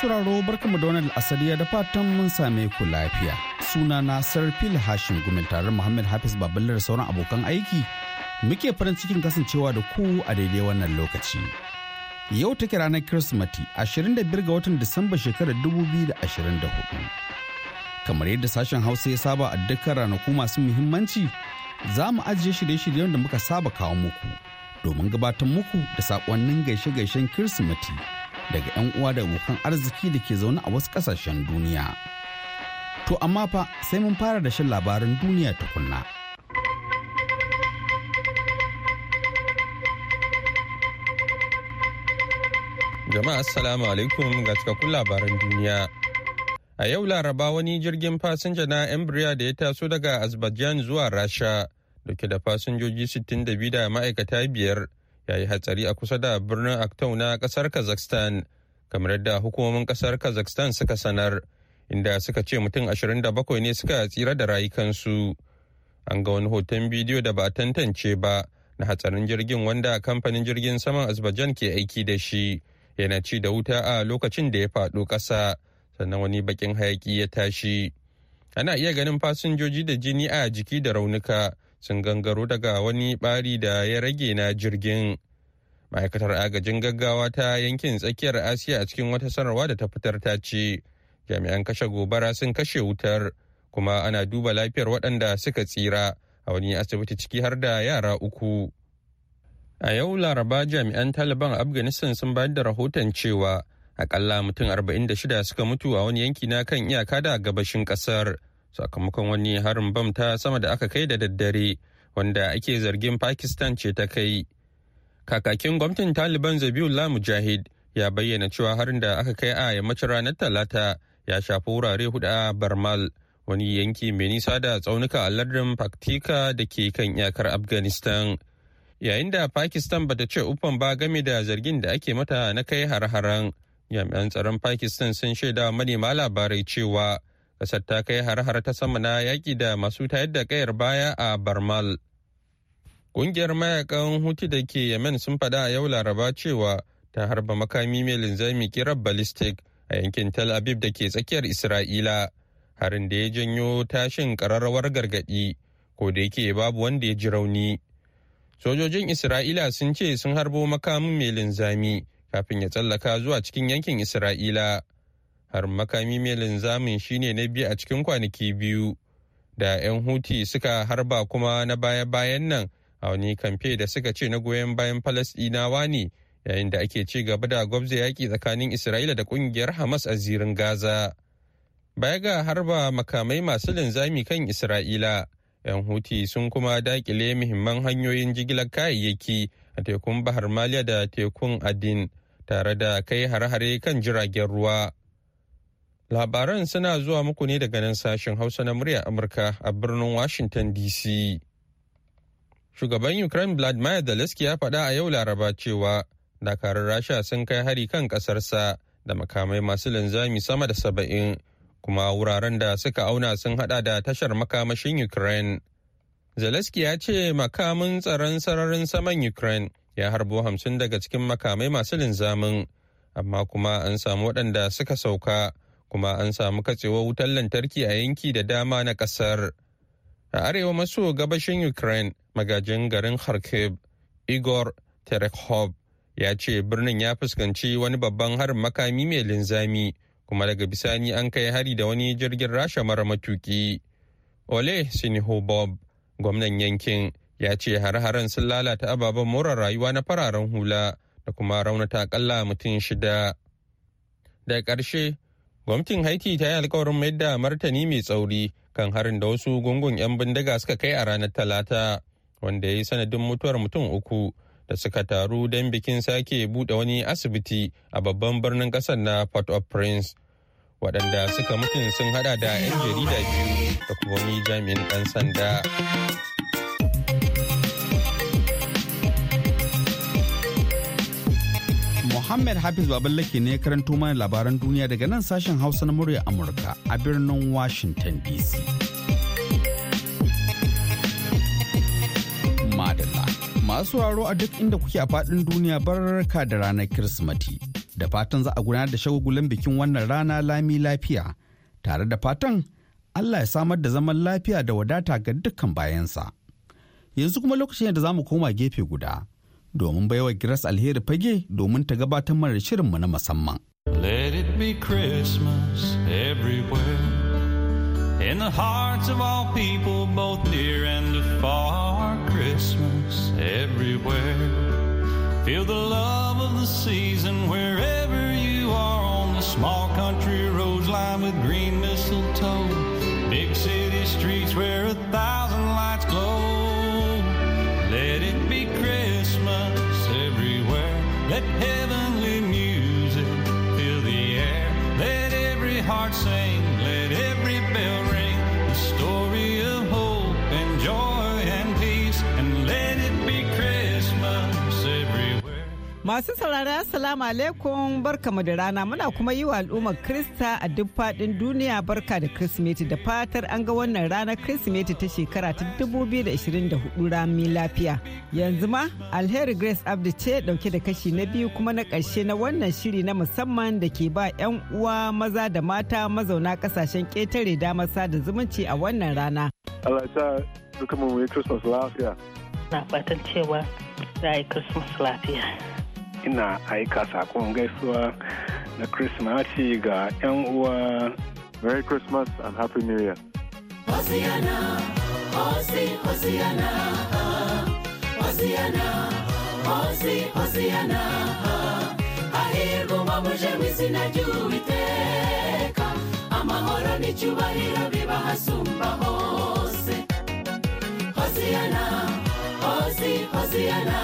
sauraro, barka mu da wani ya da fatan mun same ku lafiya. Suna na Sarfil Hashim Gumin tare Muhammad Hafiz Babalar da sauran abokan aiki muke farin cikin kasancewa da ku a daidai wannan lokaci. Yau take ranar Kirsimati 25 ga watan Disamba shekarar 2024. Kamar yadda sashen Hausa ya saba a dukkan ranaku masu muhimmanci, za mu ajiye shirye-shiryen da muka saba kawo muku domin gabatar muku da saƙonnin gaishe-gaishen Kirsimati. daga 'yan uwa da abokan arziki da ke zaune a wasu kasashen duniya. To amma fa sai mun fara da shan labarin duniya tukunna. Jama'a Assalamu alaikum ga cikakkun labaran duniya. A yau Laraba wani jirgin fasinja na Embraer da ya taso daga Azerbaijan zuwa Rasha, dauke da fasinjoji 62 da ma'aikata biyar ya yi hatsari a kusa da birnin aktau na kasar kazakhstan kamar yadda hukumomin kasar kazakhstan suka sanar inda suka ce mutum 27 ne suka tsira da rayukansu an ga wani hoton bidiyo da ba a tantance ba na hatsarin jirgin wanda kamfanin jirgin saman azerbaijan ke aiki da shi yana ci da wuta a lokacin da ya faɗo ƙasa sannan wani bakin hayaki ya tashi ana iya ganin fasinjoji da jini a jiki da raunuka sun gangaro daga wani bari da ya rage na jirgin ma'aikatar agajin gaggawa ta yankin tsakiyar asiya a cikin wata sanarwa da ta fitar ta ce jami'an kashe gobara sun kashe wutar kuma ana duba lafiyar waɗanda suka tsira a wani asibiti ciki har da yara uku a yau laraba jami'an taliban afghanistan sun bayar da rahoton cewa akalla mutum 46 suka mutu a wani yanki na kan iyaka da gabashin kasar sakamakon wani harin bam ta sama da aka kai da daddare wanda ake zargin pakistan ce ta kai kakakin gwamnatin taliban zabiullah mujahid ya bayyana cewa harin da aka kai a yammacin ranar talata ya shafi wurare hudu a barmal wani yanki mai nisa da tsaunuka a lardin paktika da ke kan iyakar afghanistan yayin da pakistan bata ce uffan ba game da zargin da ake mata na kai har-haren jami'an tsaron pakistan sun shaida manema labarai cewa Kasar ta kai har-har ta sama na yaƙi da masu tayar da kayar baya a barmal ƙungiyar mayakan Hutu da ke yemen sun faɗa a yau laraba cewa ta harba makami mai linzami kirar ballistic a yankin tel aviv da ke tsakiyar isra'ila harin da ya janyo tashin ƙararrawar gargaɗi ko da yake babu wanda ya ji rauni sojojin isra'ila sun ce sun harbo makamin mai linzami kafin ya tsallaka zuwa cikin yankin isra'ila har makami mai linzamin shine na biyu a cikin kwanaki biyu da 'yan huti suka harba kuma na baya-bayan nan a wani kamfe da suka ce na goyon bayan falasdinawa ne yayin da ake ci gaba da gwabza yaƙi tsakanin isra'ila da ƙungiyar hamas a zirin gaza baya ga harba makamai masu linzami kan isra'ila 'yan huti sun kuma daƙile muhimman hanyoyin jigilar kayayyaki a tekun bahar maliya da tekun adin tare da kai hare-hare kan jiragen ruwa Labaran suna zuwa muku ne daga nan sashen Hausa na murya Amurka a birnin Washington DC. Shugaban Ukraine Vladimir Zelensky ya faɗa a yau Laraba cewa dakarun Rasha sun kai hari kan ƙasarsa da makamai masu linzami sama da saba'in kuma wuraren da suka auna sun haɗa da tashar makamashin Ukraine. Zelensky ya ce makamin tsaron sararin saman Ukraine ya harbo hamsin daga cikin makamai masu linzamin, amma kuma an samu waɗanda suka sauka kuma an samu katsewar wutar lantarki a yanki da dama na kasar. A arewa maso gabashin Ukraine magajin garin Kharkiv Igor Terekhov ya ce birnin ya fuskanci wani babban harin makami mai linzami kuma daga bisani an kai hari da wani jirgin rasha mara matuki. Ole Sinihobob gwamnan yankin ya ce har-haren sun lalata ababen more rayuwa na fararen hula da kuma raunata mutum shida. Da ƙarshe Gwamnatin Haiti ta yi alkawarin mai da martani mai tsauri kan harin da wasu gungun 'yan bindiga suka kai a ranar Talata, wanda ya yi sanadin mutuwar mutum uku da suka taru don bikin sake buɗe wani asibiti a babban birnin ƙasar na Port-au-Prince. Waɗanda suka mutum sun hada da 'yan jarida biyu da kuma wani jami'in ɗan sanda. Muhammad Hafiz Baballake ne karanto mana labaran duniya daga nan sashen Hausa na murya Amurka a birnin Washington DC. Madalla. Masu raro a duk inda kuke a faɗin duniya barka da ranar Kirsimati. Da fatan za a gudanar da shagugulan bikin wannan rana lami lafiya. Tare da fatan Allah ya samar da zaman lafiya da wadata ga dukkan bayansa. Yanzu kuma lokacin da za mu koma gefe guda. domin baiwa Alheri Fage domin ta gabatar mana shirinmu na musamman. Let it be Christmas everywhere In the hearts of all people both near and afar Christmas everywhere Feel the love of the season wherever you are On the small country roads lined with green mistletoe Big city streets where Let him Masu saurara salamu alaikum barkamu da rana muna kuma yi wa al'ummar Krista a duk faɗin duniya barka da Kirsimeti da fatar an ga wannan ranar Kirsimeti ta shekara ta 2024 rami lafiya. Yanzu ma Alheri Grace Abdi ce dauke da kashi na biyu kuma na ƙarshe na wannan shiri na musamman da ke ba 'yan uwa maza da mata mazauna ƙasashen ƙetare damar sada zumunci a wannan rana. Allah ya sa mu yi Christmas lafiya. Na fatan cewa za a yi Christmas lafiya. ina aika sakon gaisuwa na Kirsimati ga 'yan uwa. Merry Christmas and Happy New Year. Hosiana, Hosi, Hosiana, Hosiana, Hosi, Hosiana, hahirwa umwamuje na izina ry'Uwiteka, amahoro n'icyubahiro bibahasumba hose. Hosiana, Hosi, Hosiana,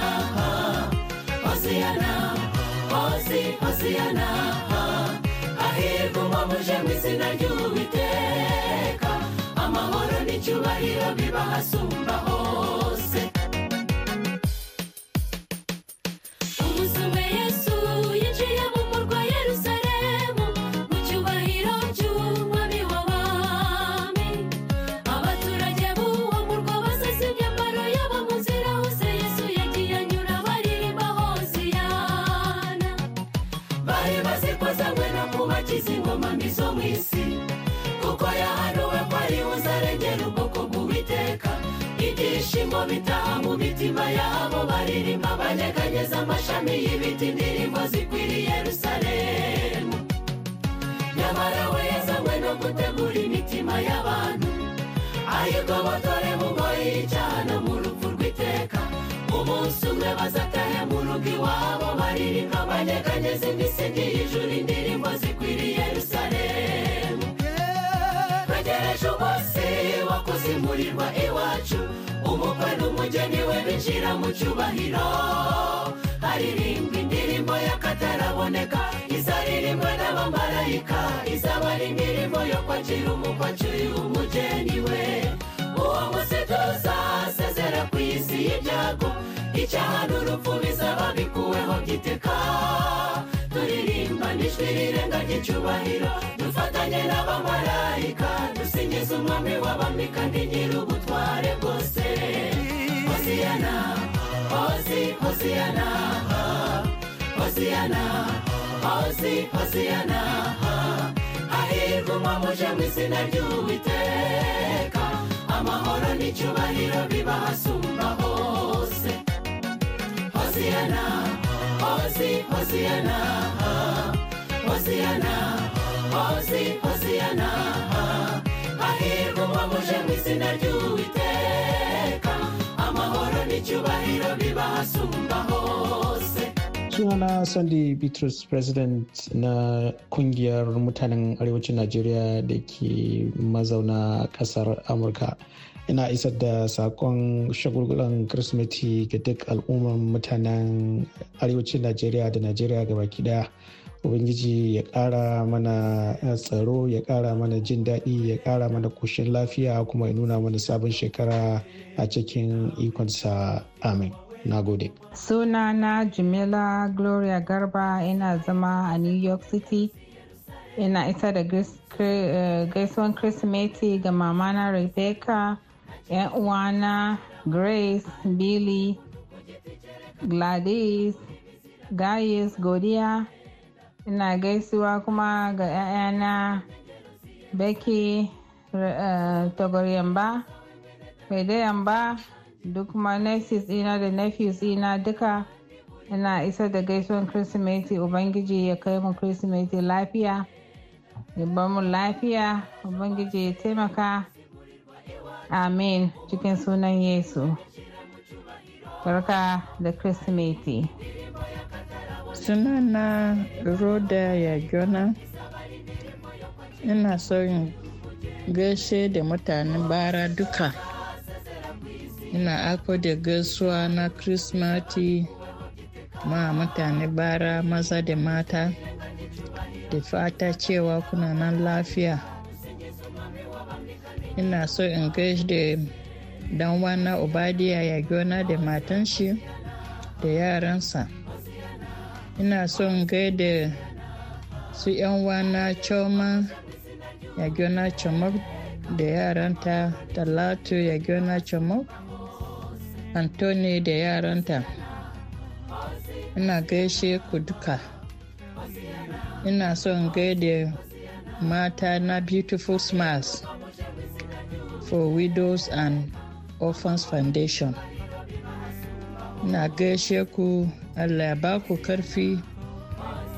hosiyana hosi hosiyana hahirwa umuntu uje mu izina ry'uwiteka amahoro n'icyubahiro biba hasumba hose bitaha mu mitima yabo baririmba banyeganyeza amashami y'ibiti indirimbo zikwiriye Yerusalemu nyamara we yazanywe no gutegura imitima y'abantu ahirwa abatore mu ngoyi mu rupfu rw'iteka umunsi umwe bazatahe mu rugo iwabo baririmba banyeganyeza imisingi y'ijuru indirimbo zikwiriye Yerusalemu twegereje umunsi wo kuzimurirwa iwacu ubukwe n'umugeni we binjira mu cyubahiro haririmbwa indirimbo y'akataraboneka izaririmbwa n'abamarayika izaba ari indirimbo yo kwakira umukwe acyuye we uwo munsi tuzasezera ku isi y'ibyago icyaha n'urupfu bizaba bikuweho giteka twishirire icyubahiro dufatanye n'abamarayika dusingize umwami w'abami kandi nyir'ubutware bwose hoziyana hozi hoziyana hoziyana hozi hoziyana hahirwa umwami mu izina ry'uwiteka amahoro n'icyubahiro biba hasumba hose hoziyana hozi hoziyana hosiyana hosi hosiyana hahirwa muje mu izina ry'uwiteka amahoro n'icyubahiro hose sunana sandy bitrus president na kungiyar mutanen arewacin najeriya da ke mazauna kasar amurka ina isa da sakon shagulgulan kirsimeti ga duk al'ummar mutanen arewacin najeriya da najeriya gabaki daya ubangiji ya ƙara mana eh, tsaro ya ƙara mana jin daɗi ya ƙara mana koshin lafiya kuma ya nuna mana sabon shekara a cikin ikonsa amin na gode suna na jimila gloria garba ina zama a new york city ina isa da eh, gaisuwan kirsimeti ga mamana rebecca 'yan uwana grace billy gladys gaius godiya ina gaisuwa kuma ga 'ya'yana baki eh, tagoryamba ba duk kuma nurses ina da nephews ina duka ina isa da gaisuwan kirsimeti ubangiji ya kai mu kirsimeti lafiya ya mu lafiya ubangiji ya taimaka amin cikin sunan yesu barka da kirsimeti sunana roda yajona ina son gaishe da mutanen bara duka ina ako da gaisuwa na krismati ma mutane bara maza da mata da fata cewa kuna nan lafiya ina so in gaishe da dan wana obadiya ya gona da matan shi da yaransa ina son gaida su yan wana choma yagona chomok da yaranta talatu ya yagona chomok antoni da yaranta ina gaishe ku duka ina son gaida mata na beautiful smiles for widows and orphans foundation na gaishe ku allah ya ba karfi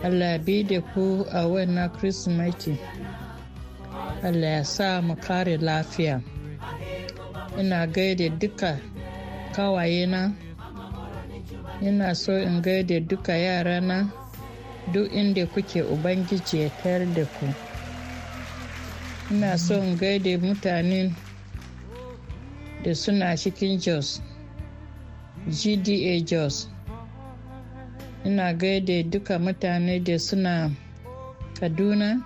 allah ya bi da ku a wannan kirsimeti allah ya sa mu kare lafiya ina gaida duka kawayena ina so in gaida duka na duk inda kuke ubangiji ya tayar da ku ina so in gaida mutanen da suna cikin jos gda jos ina gaida duka mutane da suna kaduna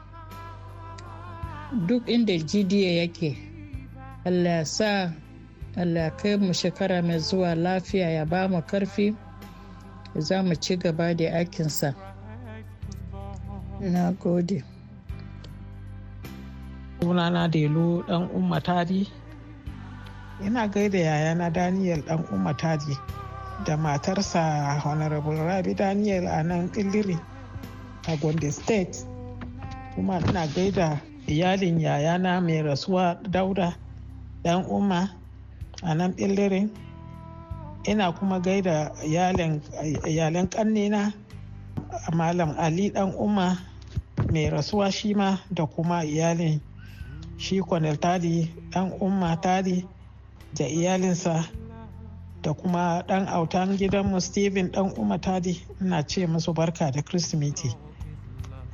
duk inda gda yake allah sa allah kai mu shekara mai zuwa lafiya ya ba mu karfi za mu ci gaba da aikinsa na gode sunana delu dan umma tarihi ina gaida yayana daniel dan umma taji da matarsa honorable rabi daniel a nan iliri a gombe state kuma ina gaida iyalin yayana mai rasuwa dauda dan umma a nan ɓillirin ina kuma gaida iyalan ƙannena malam ali dan umma mai rasuwa shima da kuma iyalin shi kwanar tari dan umma tari da iyalinsa da kuma ɗan autan gidanmu Steven dan Uma Tadi ina ce musu barka da kristimiti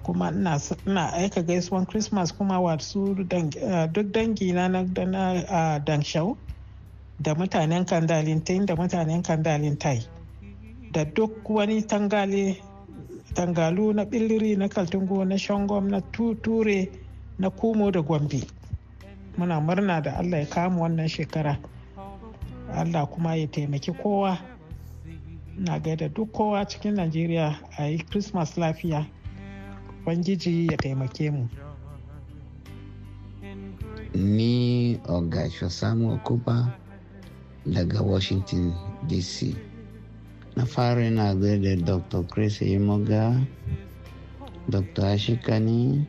kuma ina aika gaisuwan Christmas kuma wasu eh, duk dangina na danshau da mutanen Kandalintai da mutanen Kandalintai da duk wani tangale tangalu na billiri na kaltungo na shangom na tuture na kumo da gombe muna murna da allah ya kama wannan shekara allah kuma ya taimaki kowa na gaida duk kowa cikin najeriya a yi christmas lafiya ubangiji ya taimake mu ni ogasho samu okuba daga washington dc na fara yana gaida dr chris imoga dr ashikani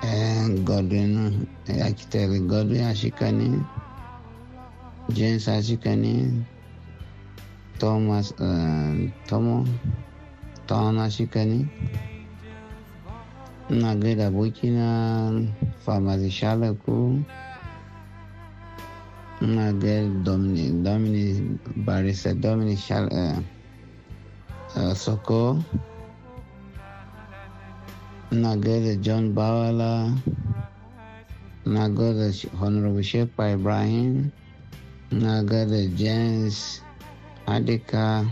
Eh, godwin eh, akitere godwin ashikani james ashikani thomas uh, tomo ton ashikani ina gaida na famasi shalaku ina domini domini barisa domini dominic uh, uh, soko Nagada John Bawala, nagada gaida Honorable Shekpa Ibrahim, ina gaida James Adika,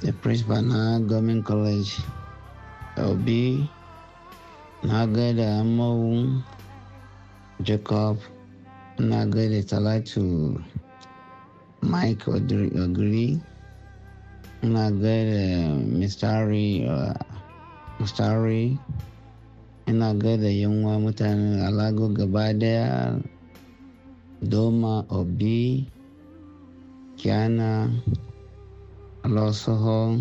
the principal na Government College, Obi, nagada gaida Amowu, Jacob, nagada gaida Talatu, Mike Ogri, ina Mr. uh, Mustari ina gaida yanwa mutanen Alago gaba daya Doma Obi Kiana Alosoho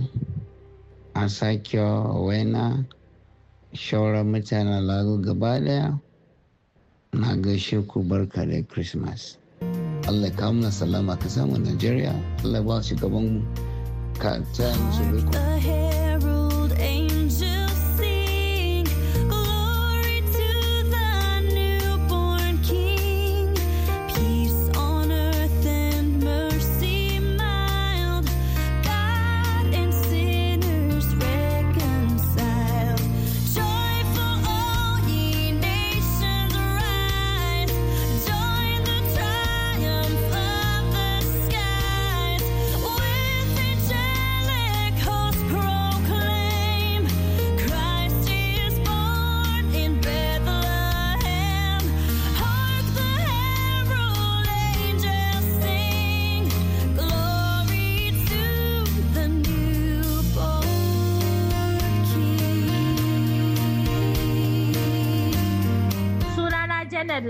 Asakio Owena shauran mutanen Alago gaba daya na gaishe ku barka da Christmas. Allah ka muna salama ka samu Najeriya, Allah ba su gaban ka ta musu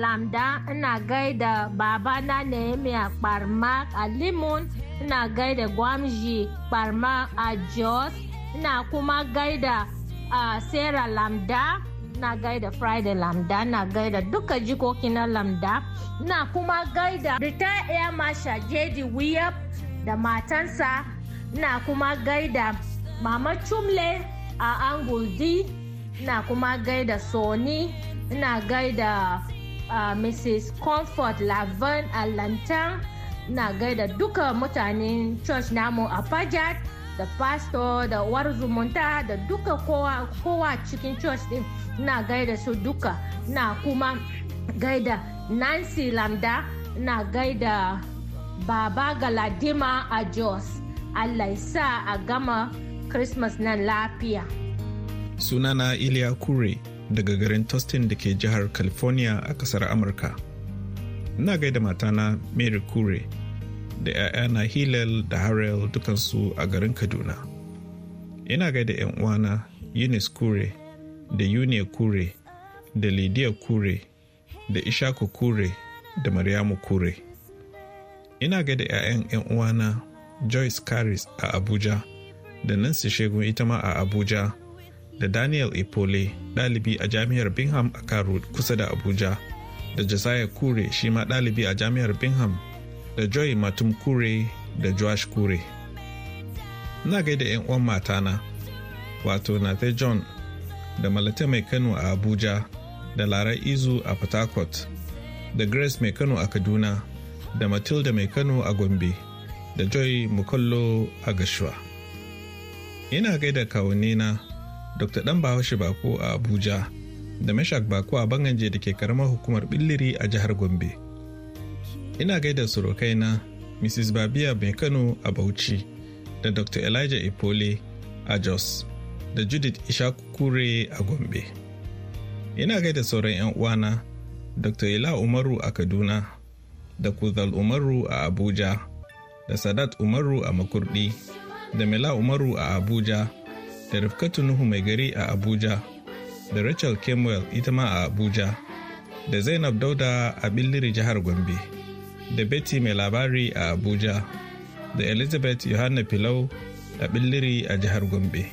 lamda ina gaida babana nehemiya kparmak a limon ina gaida gwamji kparmak a jos ina kuma gaida a sarah lamda ina gaida friday lamda ina gaida duka jikoki na lamda ina kuma gaida retired air marshal jd wiyab da matansa ina kuma gaida mama chumle a angul d ina kuma gaida soni ina gaida uh, mrs comfort lavan alantan na gaida duka mutanen church namu a fajat da pastor da war zumunta da duka kowa, cikin church din na gaida su duka na kuma gaida nancy lamda na gaida baba galadima a jos allah isa a gama christmas nan lafiya sunana iliya kure daga garin Tustin da ke jihar California a kasar Amurka. Ina gaida matana Mary Kure da 'ya'yana Hillel da Harrell dukansu a garin Kaduna. Ina gaida 'yan uwana Eunice Kure da Yunia Kure da Lidiya Kure da Ishaku Kure da Maryamu Kure. Ina gaida 'ya'yan 'yan uwana Joyce Caris a Abuja da Nancy Shegun ita ma a Abuja. da daniel epole ɗalibi a jami'ar bingham a karu kusa da abuja da josiah kure shi ma ɗalibi a jami'ar bingham da joy matum kure da josh kure na gaida 'yan uwan matana wato Nathan john da malate mai kano a abuja da larai izu a port da grace mai kano a kaduna da matilda mai kano a gombe da joy mukallo a gashua. ina gaida kawunina dr dan bahaushe bako a abuja da meshak bako a banganje da ke karamar hukumar billiri a jihar gombe ina gaida surukaina mrs babia mai kano a bauchi da dr elijah ipole a jos da judith Ishaku Kure a gombe ina gaida sauran 'yan uwana dr ila umaru a kaduna da kuzal umaru a abuja da sadat umaru a makurdi da mila umaru a abuja da Rifkatu Nuhu mai gari a Abuja, da Rachel Kemwell ita ma a Abuja, da Zainab Dauda a Billiri jihar Gombe, da Betty mai labari a Abuja, da Elizabeth yohanna Filau a Billiri a jihar Gombe.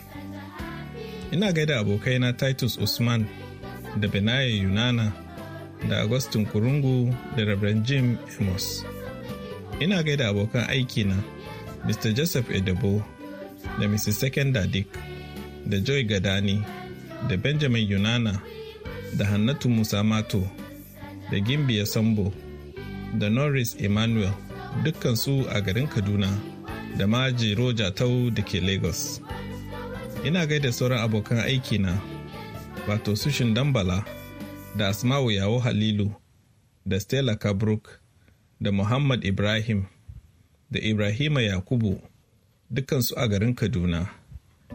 Ina gaida abokaina Titus Usman da Benaye Yunana da Agustin Kurungu da Reverend Jim Amos. Ina gaida abokan aikina Mr. Joseph Edebo da Mrs. Second Dick. da joy gadani da benjamin yunana da hannatu musa mato da gimbiya sambo da norris emmanuel dukkansu a garin kaduna da ma roja tau da ke lagos ina gaida sauran abokan aikina wato sushin dambala da asma'u yawo halilu da stella kabruk da muhammad ibrahim da ibrahima yakubu dukansu a garin kaduna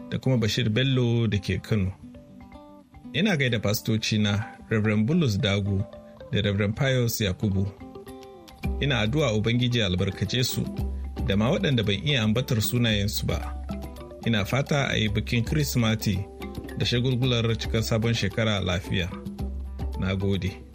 da kuma Bashir Bello da ke Kano. Ina gaida fastoci na Reverend Bulus dagu da Reverend Pius Yakubu. Ina addu'a Ubangiji albarkace su da ma waɗanda ban iya ambatar sunayensu ba. Ina fata a yi bikin kirismati da shagulgular cikin sabon shekara lafiya. Na gode.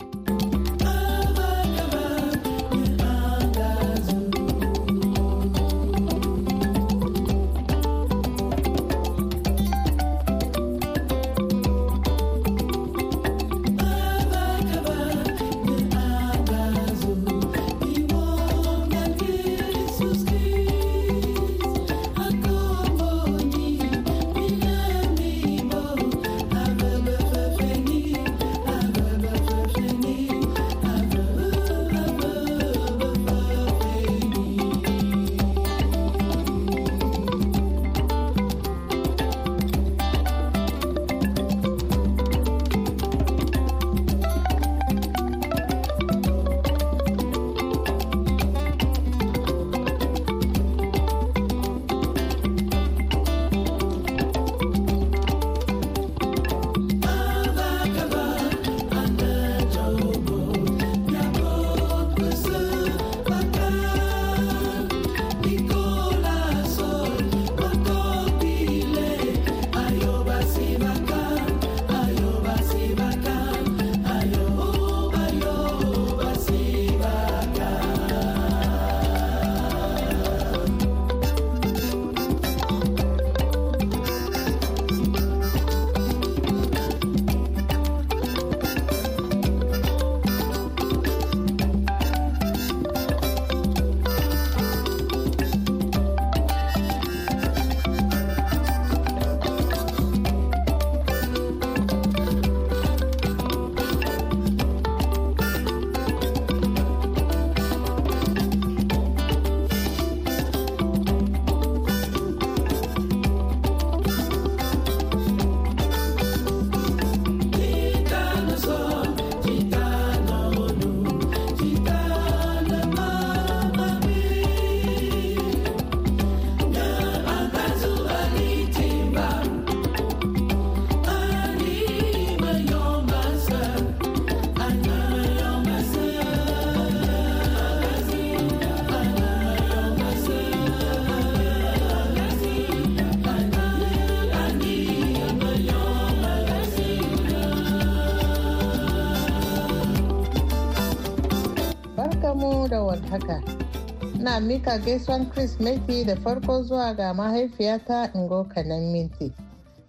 mika gaisuwan kirsimeti da farko zuwa ga mahaifiyata ingo kanan minti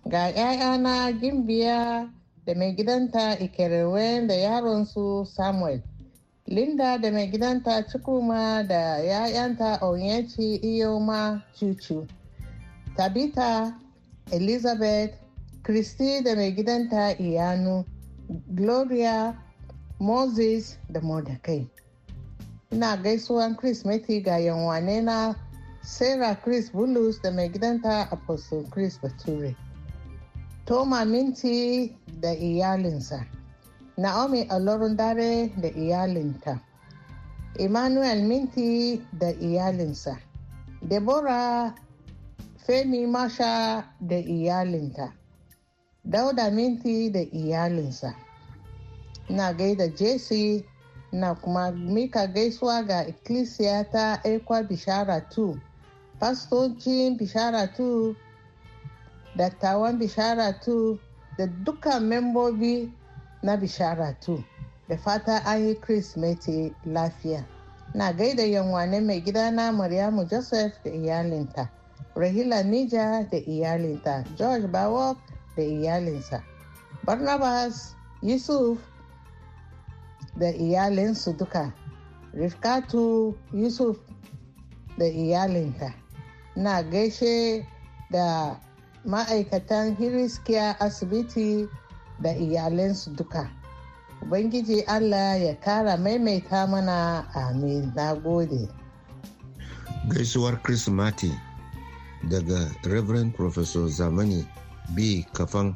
ga 'ya'yana gimbiya da mai gidanta ikerewe da yaronsu samuel linda da mai gidanta cikuma da 'ya'yanta onyechi iyoma cucu tabita elizabeth christy da mai gidanta iyanu gloria moses da mordecai ina gaisuwan Chris Kirsimeti ga yanwane na Sarah Chris Bulus da mai gidanta Apostle Chris Bature. Toma Minti da iyalinsa. Naomi Alorun Dare da iyalinta. Emmanuel Minti da iyalinsa. Deborah Femi Masha da iyalinta. Dauda Minti da iyalinsa. Na gaida Jesse na kuma mika gaisuwa ga ecclesia ta ekwa bishara 2 pastocin bishara 2 dattawan bishara 2 da dukkan membobi na bishara 2 da fata an yi kirsimeti lafiya na gaida yanwane mai gida na maryamu joseph da iyalinta rahila nija da iyalinta george bawok da iyalinsa barnabas yusuf da iyalinsu duka rifkatu yusuf da iyalinta na gaishe da ma'aikatan hiriskiya asibiti da iyalinsu duka ubangiji allah ya kara maimaita mana amin na gode gaisuwar kirsimati daga reverend professor zamani b kafan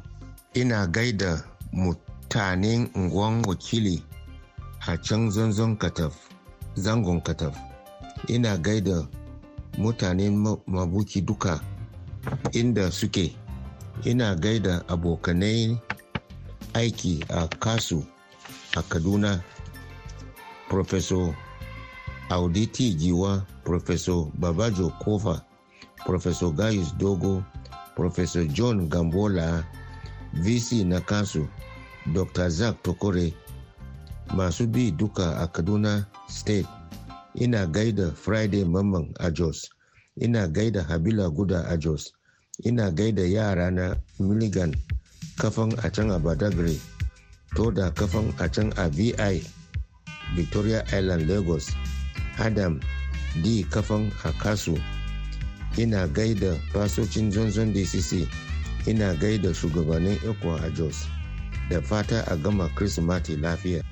ina gaida mutanen unguwan wakili a zanzon kataf zangon kataf ina gaida mutanen mabuki duka inda suke ina gaida abokanai aiki a kasu a kaduna professor auditi giwa professor babajo kofa professor gayus dogo professor john gambola vc na kasu dr zack tokore masu bi duka a kaduna state ina gaida friday mamman a jos ina gaida habila guda a jos ina gaida yara na milligan kafan a can a badagry toda kafan a can a vi victoria island lagos adam d kafan a kasu ina gaida fasocin johnson dcc ina gaida shugabannin ikon a jos da fata a gama kirsimati lafiya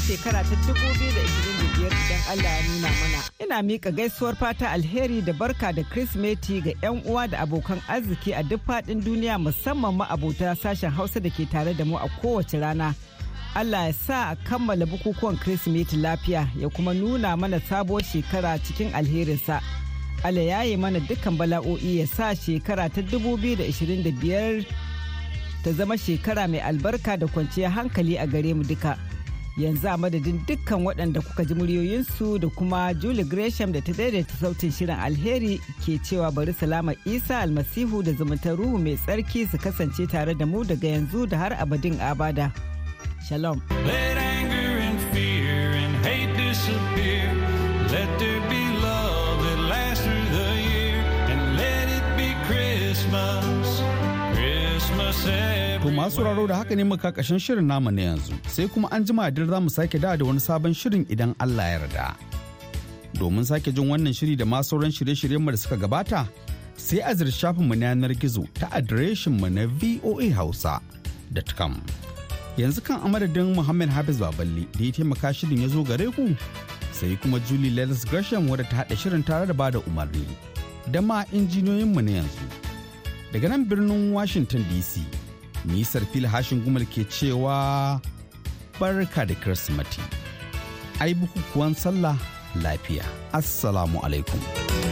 shekara ta 2025 idan Allah ya nuna mana. Ina mika gaisuwar fata alheri da barka da Kirsimeti ga 'yan uwa da abokan arziki a duk faɗin duniya musamman ma abota sashen Hausa da ke tare da mu a kowace rana. Allah ya sa a kammala bukukuwan Kirsimeti lafiya ya kuma nuna mana sabuwar shekara cikin alherinsa. Allah ya yi mana dukkan bala'o'i ya sa shekara ta 2025 ta zama shekara mai albarka da kwanciyar hankali a gare mu duka. yanzu a madadin dukkan waɗanda kuka ji muryoyinsu da kuma julie gresham da ta daidaita sautin shirin alheri ke cewa bari salama isa almasihu da zumuntar ruhu mai tsarki su kasance tare da mu daga yanzu da har abadin abada shalom Let anger and fear and hate disappear. To masu sauraro da haka ne muka kashin shirin namu na yanzu sai kuma an jima da za mu sake da wani sabon shirin idan Allah ya yarda. Domin sake jin wannan shiri da masu sauran shirye-shiryen mu da suka gabata sai a shafin mu na yanar gizo ta adireshin mu na voahausa.com. Yanzu kan amadadin Muhammad Hafiz Baballe da ya taimaka shirin ya zo gare ku sai kuma Julie Lelis Gresham wadda ta haɗa shirin tare da bada umarni. Dama injiniyoyin mu na yanzu. daga nan birnin washington dc nisar fil hashin gumal ke cewa barka da kirsimati ai bukukuwan sallah lafiya assalamu alaikum